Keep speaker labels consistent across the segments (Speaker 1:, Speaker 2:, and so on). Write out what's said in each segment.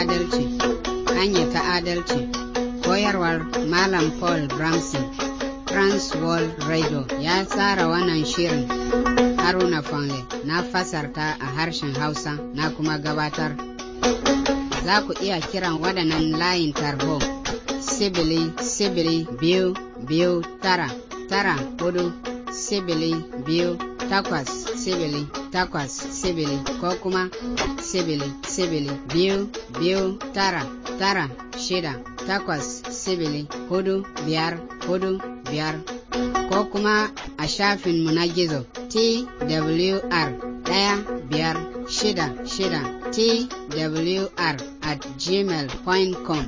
Speaker 1: adalci hanya ta adalci koyarwar malam paul bramson trans world radio ya tsara wannan shirin haruna fanle na fasarta a harshen hausa na kuma gabatar za ku iya kiran waɗannan layin tarho sibili sibili biyu biyu tara tara hudu sibili biyu takwas sibili takwas sibili ko kuma sibili sibili biyu biyu tara tara shida takwas sibili hudu biyar hudu biyar ko kuma a shafinmu na gizo twr daya biyar shida shida twr at gmail.com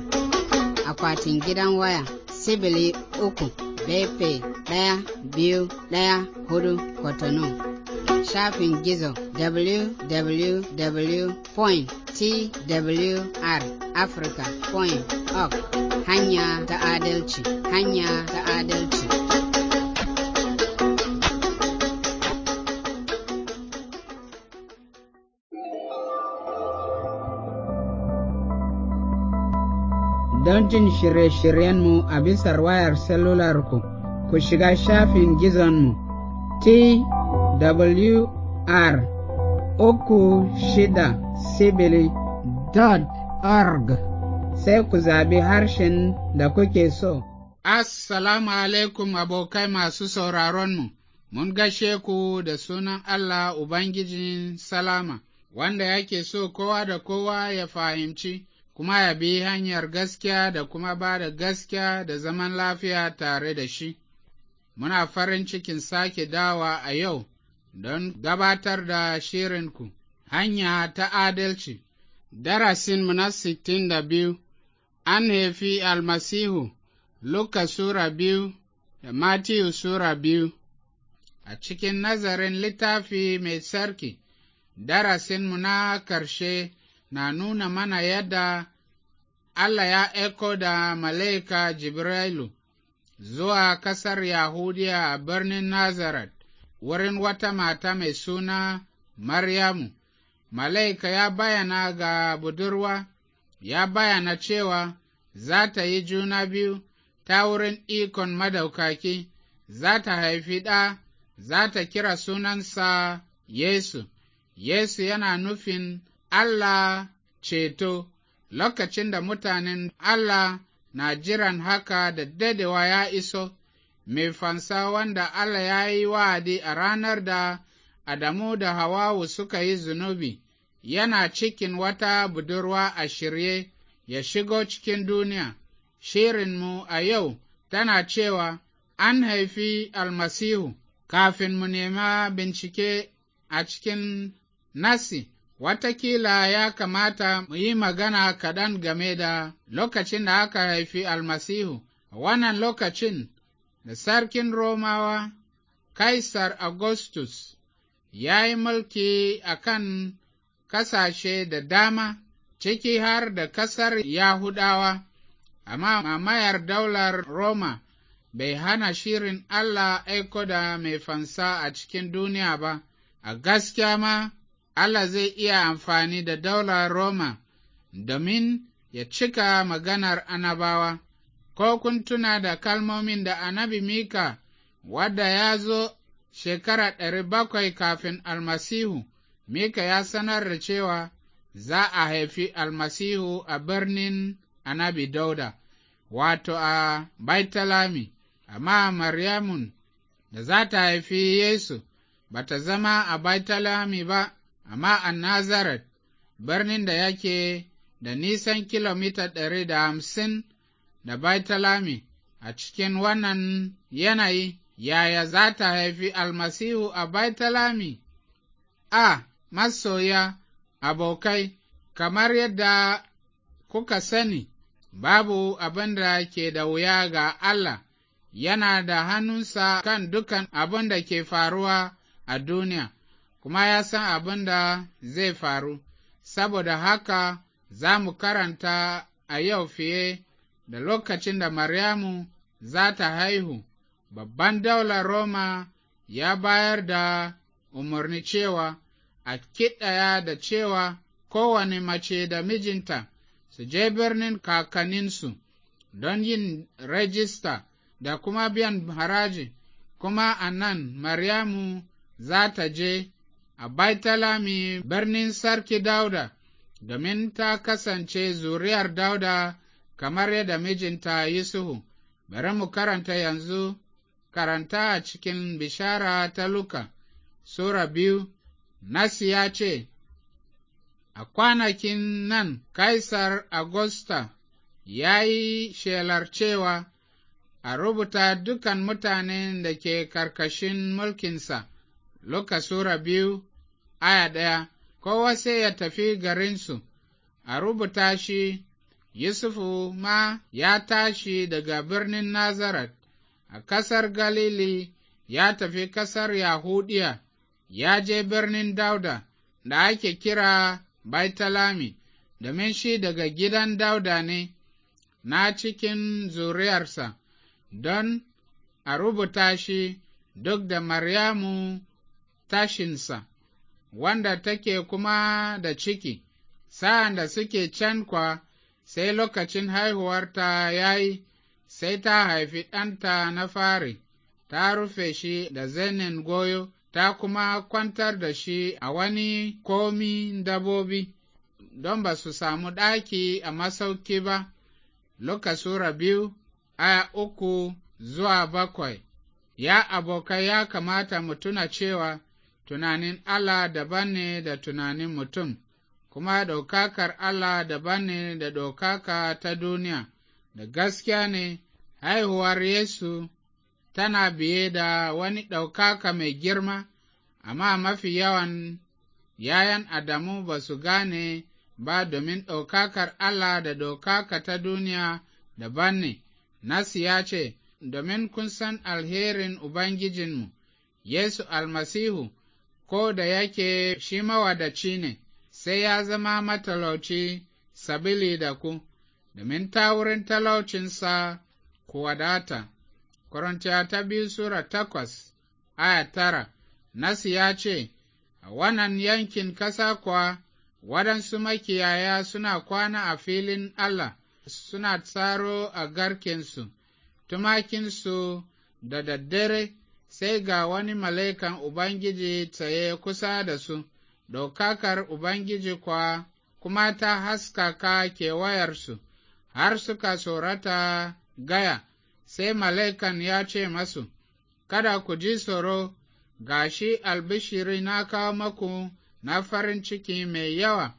Speaker 1: akwatin gidan waya sibili uku bepe daya biyu ɗaya hudu kotonu shafin gizo www.twrafrica.org hanya ta adalci hanya ta adalci Don jin shirye-shiryenmu a bisar wayar ku ku shiga shafin
Speaker 2: gizonmu t WR uku shida sibili dot org sai ku zabi harshen da kuke so. Assalamu alaikum abokai masu sauraronmu, mun gashe ku da sunan Allah Ubangijin Salama, wanda yake so kowa da kowa ya fahimci, kuma ya bi hanyar gaskiya da kuma ba da gaskiya da zaman lafiya tare da shi. Muna farin cikin sake dawa a yau. don gabatar da shirinku, hanya ta adalci, darasin na sittin da biyu, an haifi almasihu, Luka Sura biyu da Matiyu Sura biyu, a cikin nazarin littafi mai sarki, darasin na ƙarshe na nuna mana yadda Allah ya eko da Malaika Jibrilu zuwa ƙasar Yahudiya a birnin Nazaret. wurin wata mata mai suna Maryamu, mala'ika ya bayana ga budurwa, ya bayana cewa za ta yi juna biyu ta wurin ikon madaukaki, za ta haifi ɗa, za ta kira sunansa Yesu, Yesu yana nufin Allah ceto, lokacin da mutanen Allah na jiran haka da dadewa ya iso. mai fansa wanda Allah ya yi wa'adi a ranar da Adamu da Hawawu suka yi zunubi, yana cikin wata budurwa a shirye ya shigo cikin duniya, shirinmu a yau tana cewa an haifi almasihu kafin mu nema bincike a cikin nasi. Watakila ya kamata mu yi magana kaɗan game da lokacin da aka haifi almasihu, wannan lokacin da sarkin Romawa, Kaisar Augustus, ya yi mulki a kan ƙasashe da dama, ciki har da ƙasar Yahudawa, amma mamayar daular Roma bai hana shirin Allah aiko da mai fansa a cikin duniya ba, a gaskiya ma Allah zai iya amfani da daular Roma domin ya cika maganar anabawa. ko kun tuna da kalmomin da anabi Mika wadda ya zo shekara ɗari bakwai kafin almasihu, Mika ya sanar da cewa za a haifi almasihu a birnin anabi Dauda, wato a Baitalami, amma Maryamun da za ta haifi Yesu ba ta zama a Baitalami ba, amma a Nazaret, birnin da yake da nisan kilomita ɗari da hamsin da Baitalami a cikin wannan yanayi, yaya za ta haifi almasihu a Baitalami? A, masoya, abokai, kamar yadda kuka sani, babu abin da ke da wuya ga Allah, yana da hannunsa kan dukan abin da ke faruwa a duniya, kuma ya san abin da zai faru, saboda haka za mu karanta a yau fiye da lokacin da Maryamu za ta haihu, babban daular Roma ya bayar da umarni cewa a kiɗaya da cewa kowane mace da mijinta su je birnin kakanninsu don yin rajista da kuma biyan haraji, kuma a nan Maryamu za ta je a Baitalami birnin Sarki Dauda, domin ta kasance zuriyar Dauda kamar yadda mijinta Yusufu, bari mu karanta yanzu, karanta a cikin bishara ta Luka, Sura biyu, Nasi ya ce, A kwanakin nan Kaisar Agusta ya yi shelar cewa a rubuta dukan mutanen da ke karkashin mulkinsa, Luka Sura biyu, aya ɗaya, kowa sai ya tafi garinsu, a rubuta shi Yusufu ma ya tashi daga birnin Nazaret a ƙasar Galili ya tafi ƙasar Yahudiya, ya je birnin Dauda da ake kira Baitalami, domin shi daga gidan Dauda ne na cikin zuriyarsa, don a rubuta shi duk da Maryamu tashinsa, wanda take kuma da ciki, sa'an da suke can kwa sai lokacin haihuwarta ya yi, sai ta haifi ɗanta na fari, ta rufe shi da zanen goyo, ta kuma kwantar da shi a wani komi dabobi, don ba su samu ɗaki a masauki ba, Luka Sura biyu, aya uku zuwa bakwai. Ya abokai ya kamata mu tuna cewa tunanin Allah daban ne da tunanin mutum, kuma ɗaukakar Allah daban ne da ɗaukaka ta duniya, da gaskiya ne haihuwar Yesu tana biye da wani ɗaukaka mai girma, amma mafi yawan yayan Adamu ba su gane ba domin ɗaukakar Allah da ɗaukaka ta duniya daban ne, Nasi ya ce, Domin kun san alherin Ubangijinmu, Yesu almasihu, ko da yake shi mawadaci ne. sai ya zama matalauci sabili da ku, domin ta wurin talaucinsa ku wadata. Korintiya ta biyu Sura takwas, aya tara, Nasi ya ce, A wannan yankin ƙasa kuwa, waɗansu makiyaya suna kwana a filin Allah, suna tsaro a garkinsu, tumakinsu da daddare, sai ga wani mala'ikan Ubangiji tsaye kusa da su, ɗaukakar Ubangiji kwa kuma ta haskaka kewayarsu, har suka tsorata gaya, sai mala'ikan ya ce masu, Kada ku ji tsoro, gashi albishiri na kawo maku na farin ciki mai yawa,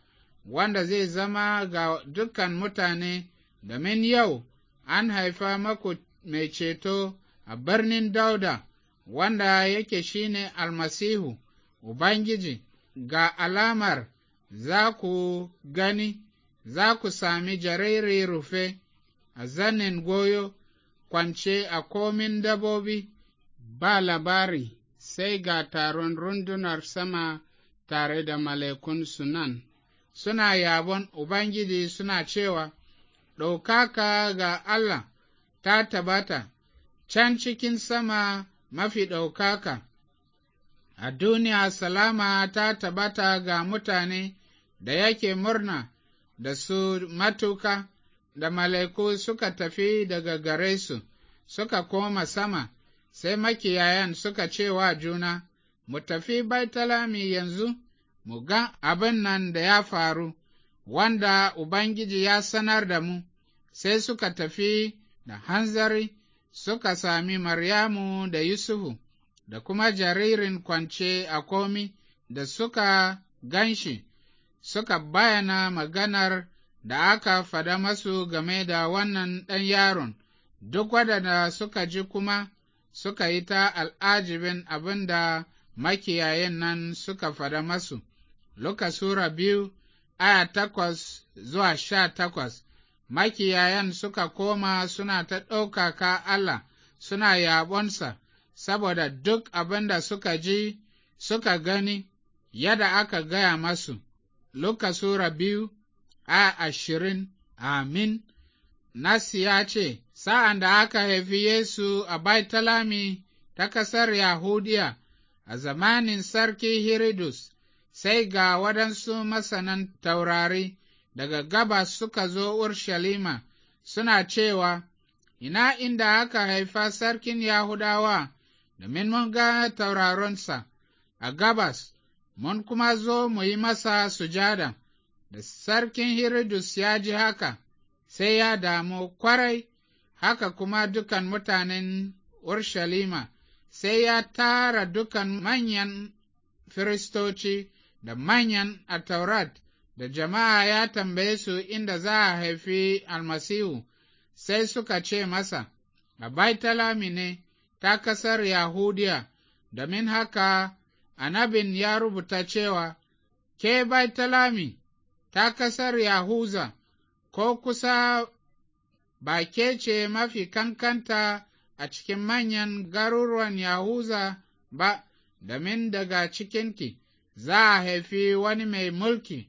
Speaker 2: wanda zai zama ga dukan mutane, domin yau an haifa maku mai ceto a birnin Dauda, wanda yake shine almasihu, Ubangiji. ga alamar za ku gani za ku sami jariri rufe a zanin goyo kwance a komin dabobi ba labari sai ga taron rundunar sama tare da malekun sunan suna yabon Ubangiji suna cewa, Ɗaukaka ga Allah ta tabata can cikin sama mafi ɗaukaka a duniya salama ta tabata ga mutane da yake murna da su matuka da mala'iku suka tafi daga gare su suka koma sama sai makiyayan suka ce wa juna mu tafi baitalami yanzu mu ga abin nan da ya faru wanda Ubangiji ya sanar da mu, sai suka tafi da hanzari suka sami Maryamu da Yusufu da kuma jaririn kwance a komi da suka gan shi, suka bayana maganar da aka fada masu game da wannan ɗan yaron, duk waɗanda suka ji kuma suka yi ta al'ajibin abin da makiyayen nan suka fada masu. Luka Sura biyu, aya takwas zuwa sha takwas, makiyayan suka koma suna ta ɗaukaka Allah, suna yabonsa, saboda duk abin da suka ji suka gani yadda aka gaya masu, Luka Sura biyu a ashirin, amin. Nasi ya ce, Sa'an da aka haifi Yesu a Baitalami ta ƙasar Yahudiya a zamanin Sarki Hiridus, sai ga waɗansu masanan taurari daga gabas suka zo Urshalima suna cewa, Ina inda aka haifa sarkin Yahudawa domin mun ga tauraronsa a gabas, mun kuma zo mu yi masa sujada, da sarkin Hiridus ya ji haka, sai ya damu kwarai, haka kuma dukan mutanen Urshalima, sai ya tara dukan manyan firistoci da manyan a taurat da jama'a ya tambaye su inda za a haifi almasihu, sai suka ce masa, a Baitalami ne, ta ƙasar Yahudiya, domin haka anabin ya rubuta cewa, Ke Baitalami ta ƙasar Yahuza, ko kusa ba ke ce mafi kankanta a cikin manyan garuruwan Yahuza ba, domin daga cikinki za a haifi wani mai mulki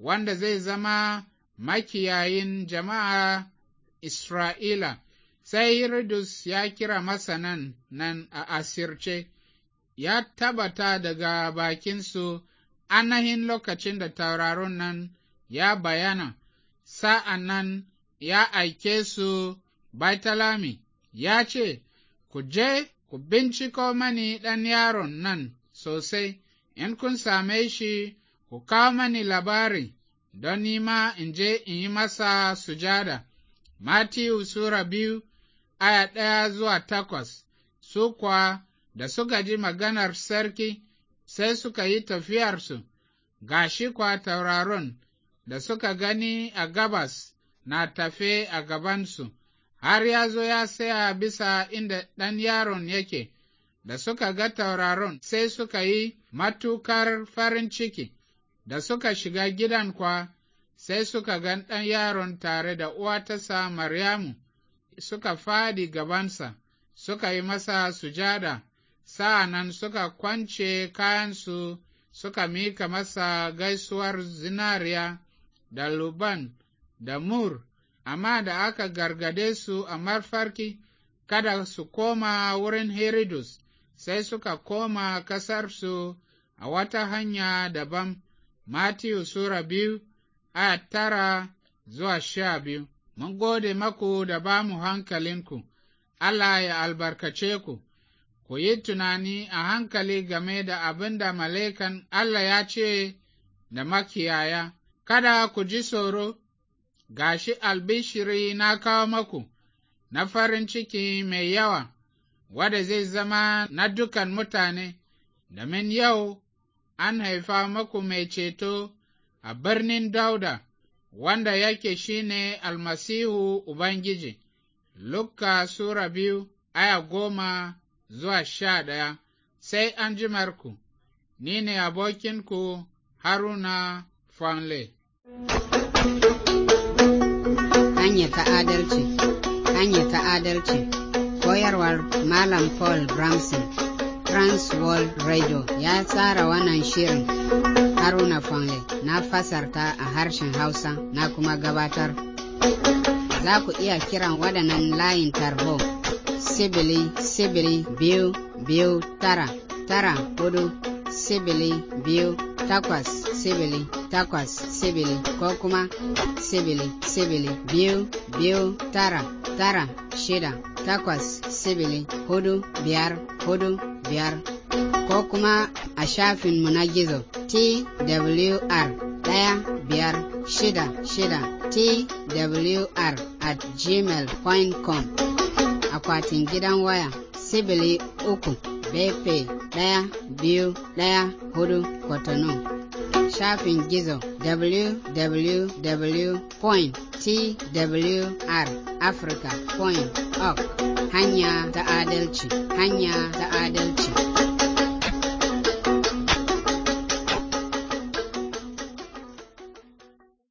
Speaker 2: wanda zai zama makiyayin jama'a Isra'ila, sai Hiridus ya kira masanan nan a asirce, ya tabbata daga bakinsu anahin lokacin da tauraron nan ya bayana, sa'an nan ya aike su Baitalami, ya ce, Ku je ku binciko mani ɗan yaron nan sosai, in kun same shi, ku kawo mani labari, don nima in je in yi masa sujada. Matiyu Sura biyu aya ɗaya zuwa takwas, su kuwa da suka ji maganar sarki sai suka yi tafiyarsu, ga shi kwa tauraron da suka gani a gabas na tafe a gabansu, har ya zo ya saya bisa inda ɗan yaron yake, da suka ga tauraron sai suka yi matukar farin ciki, da suka shiga gidan kwa sai suka gan ɗan yaron tare da uwa uwatasa Maryamu. suka fadi gabansa, suka yi masa sujada, sa'an nan suka kwance kayansu suka mika masa gaisuwar zinariya da luban da mur, amma da aka gargade su a marfarki kada su koma wurin Herodus, sai suka koma ƙasarsu a wata hanya daban, Matiyu Sura biyu, aya tara zuwa sha biyu. mun gode maku da ba mu hankalinku, Allah ya albarkace ku, ku yi tunani a hankali game da abin da mala'ikan Allah ya ce da makiyaya, kada ku ji tsoro, shi albishiri na kawo maku, na farin ciki mai yawa, wada zai zama na dukan mutane, domin yau an haifa maku mai ceto a birnin Dauda. wanda yake shine almasihu Ubangiji, Luka Sura biyu aya goma zuwa sha ɗaya, sai an ji Marku, ni ne abokinku Haruna Fanle.
Speaker 1: Hanya ta adalci, hanya ta adalci, koyarwar Malam Paul Bramson. Transworld Radio ya tsara wannan shirin Haruna Fanle na fasarta a harshen Hausa na kuma gabatar. Za ku iya kiran waɗannan layin tarho sibili sibili biyu biyu tara tara hudu sibili biyu takwas sibili takwas sibili ko kuma sibili sibili biyu biyu tara tara shida takwas sibili hudu biyar hudu biyar ko kuma a shafin mu na gizo twr ɗaya biyar shida shida twr at com akwatin gidan waya sibili uku bepe ɗaya biyu ɗaya hudu kotonu. shafin gizo www.twrafrica.org hanya ta adalci, hanya ta adalci.